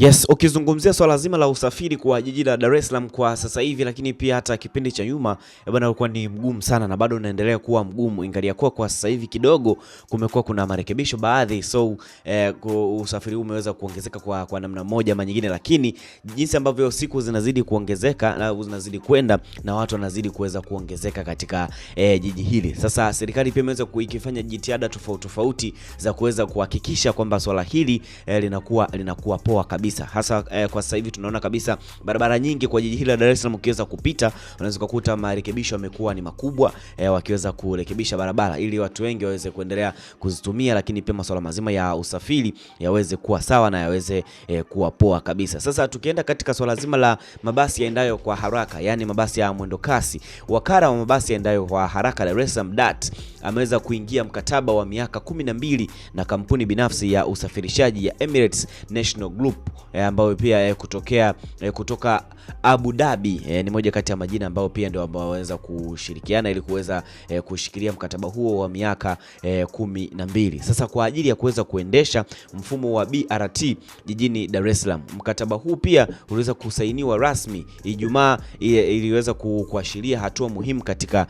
Yes, ukizungumzia swala so zima la usafiri kwa jiji la Dar es Salaam kwa sasa hivi, lakini pia hata kipindi cha nyuma eh, bwana, ulikuwa ni mgumu sana na bado unaendelea kuwa mgumu, ingalia kuwa kwa sasa hivi kidogo kumekuwa kuna marekebisho baadhi, so eh, usafiri huu umeweza kuongezeka kwa, kwa namna moja ama nyingine, lakini jinsi ambavyo siku zinazidi kuongezeka na zinazidi kwenda na watu wanazidi kuweza kuongezeka katika eh, jiji hili. Sasa serikali pia imeweza kuikifanya jitihada tofauti tofauti za kuweza kuhakikisha kwamba swala hili eh, linakuwa linakuwa poa kabisa kabisa, hasa eh, kwa sasa hivi tunaona kabisa barabara nyingi kwa jiji hili la Dar es Salaam ukiweza kupita unaweza kukuta marekebisho yamekuwa ni makubwa eh, wakiweza kurekebisha barabara ili watu wengi waweze kuendelea kuzitumia, lakini pia masuala mazima ya usafiri yaweze kuwa sawa na yaweze eh, kuwa poa kabisa. Sasa tukienda katika swala zima la mabasi yaendayo kwa haraka, yani mabasi ya mwendo kasi, wakala wa mabasi yaendayo kwa haraka Dar es Salaam DART ameweza kuingia mkataba wa miaka kumi na mbili na kampuni binafsi ya usafirishaji ya Emirates National Group e, ambayo pia e, kutokea e, kutoka Abu Dhabi e, ni moja kati ya majina ambayo pia ndio ambao waweza kushirikiana ili kuweza e, kushikilia mkataba huo wa miaka e, kumi na mbili. Sasa kwa ajili ya kuweza kuendesha mfumo wa BRT jijini Dar es Salaam, mkataba huu pia uliweza kusainiwa rasmi Ijumaa, iliweza kuashiria hatua muhimu katika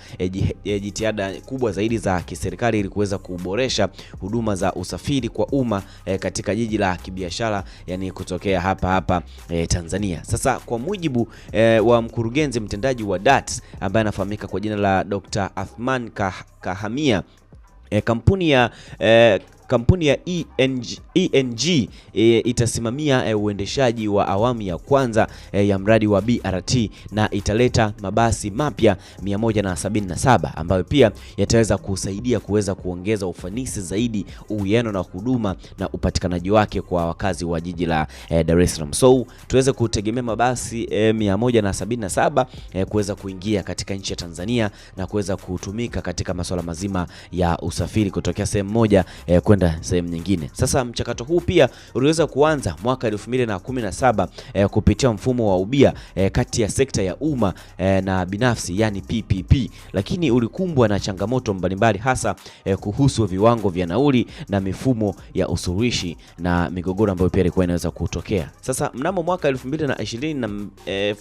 e, jitihada kubwa zaidi za kiserikali ili kuweza kuboresha huduma za usafiri kwa umma e, katika jiji la kibiashara yani kutoka kutokea hapa hapa e, Tanzania. Sasa kwa mujibu e, wa mkurugenzi mtendaji wa dat ambaye anafahamika kwa jina la Dr. Athman Kahamia E, kampuni ya e, kampuni ya ENG, ENG e, itasimamia e, uendeshaji wa awamu ya kwanza e, ya mradi wa BRT na italeta mabasi mapya 177 ambayo pia yataweza kusaidia kuweza kuongeza ufanisi zaidi, uwiano na huduma na upatikanaji wake kwa wakazi wa jiji la e, Dar es Salaam. So tuweze kutegemea mabasi e, 177 e, kuweza kuingia katika nchi ya Tanzania na kuweza kutumika katika masuala mazima ya usafiri kutokea sehemu moja e, kwenda kwenda sehemu nyingine. Sasa mchakato huu pia uliweza kuanza mwaka 2017 eh, kupitia mfumo wa ubia eh, kati ya sekta ya umma eh, na binafsi yani PPP, lakini ulikumbwa na changamoto mbalimbali hasa eh, kuhusu viwango vya nauli na mifumo ya usuluhishi na migogoro ambayo pia ilikuwa inaweza kutokea. Sasa mnamo mwaka 2020 na eh,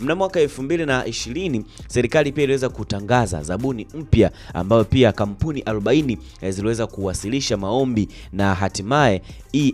Mnamo mwaka 2020 serikali pia iliweza kutangaza zabuni mpya ambayo pia kampuni 40 eh, ziliweza kuwasilisha maombi na hatimaye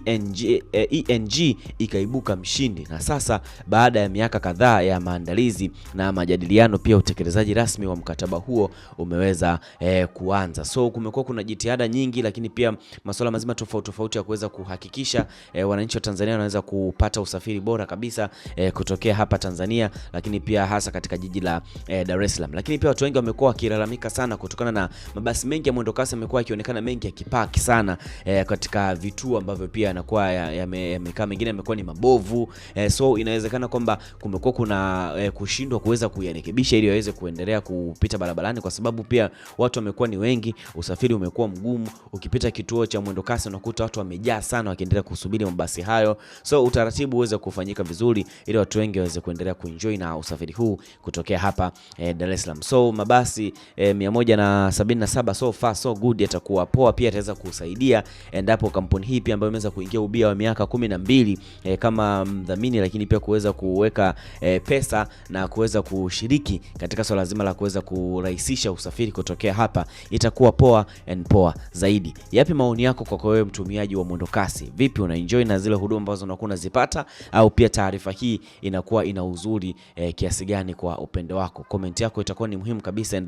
ENG, eh, ENG ikaibuka mshindi, na sasa baada ya miaka kadhaa ya maandalizi na majadiliano, pia utekelezaji rasmi wa mkataba huo umeweza eh, kuanza. So kumekuwa kuna jitihada nyingi, lakini pia masuala mazima tofauti tofauti ya kuweza kuhakikisha eh, wananchi wa Tanzania wanaweza kupata usafiri bora kabisa eh, kutokea hapa Tanzania lakini pia hasa katika jiji la eh, Dar es Salaam. Lakini pia watu wengi wamekuwa wakilalamika sana kutokana na mabasi mengi ya mwendokasi yamekuwa yakionekana mengi yakipaki sana eh, katika vituo ambavyo pia yanakuwa yamekaa ya mengine yamekuwa ni mabovu eh, so inawezekana kwamba kumekuwa kuna eh, kushindwa kuweza kuyarekebisha ili waweze kuendelea kupita barabarani, kwa sababu pia watu wamekuwa ni wengi, usafiri umekuwa mgumu. Ukipita kituo cha mwendokasi unakuta watu wamejaa sana wakiendelea kusubiri mabasi hayo, so utaratibu uweze kufanyika vizuri ili watu wengi waweze kuendelea kuenjoy na na usafiri huu kutokea hapa eh, Dar es Salaam. So mabasi eh, 177 so far so good yatakuwa poa, pia yataweza kusaidia endapo kampuni hii pia ambayo imeweza kuingia ubia wa miaka kumi na mbili eh, kama mdhamini, lakini pia kuweza kuweka eh, pesa na kuweza kushiriki katika swala so zima la kuweza kurahisisha usafiri kutokea hapa, itakuwa poa and poa zaidi. Yapi maoni yako kwa wewe mtumiaji wa mwendokasi? Vipi, una enjoy na zile huduma ambazo unakuwa unazipata, au pia taarifa hii inakuwa ina uzuri eh, kiasi gani kwa upendo wako. Komenti yako itakuwa ni muhimu kabisa.